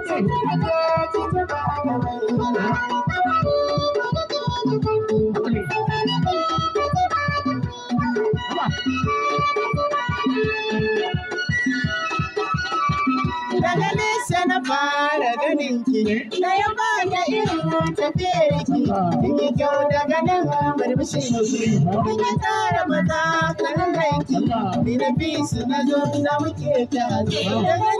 Daga nesa na fara ganin ki, da yaba bada irin tafiyar ki, kike kyau daga nan murmushin ki, kike tsara maza karin ki, ni na bi su na zo na muke ta Daga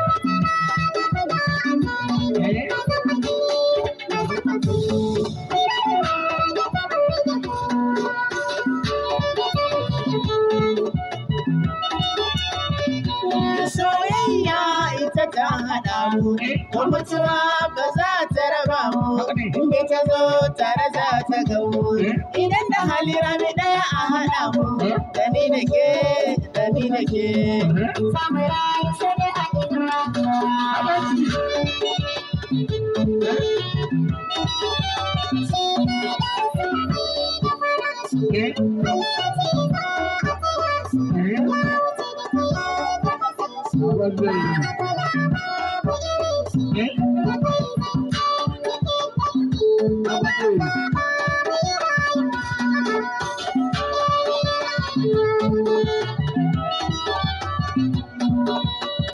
ta haɗa mu don mutuwa ba za ta raba mu inda ta zo tare za ta ga mu idan da hali rami ɗaya a haɗa mu da ni da ke da ni da ke sai dai Thank you.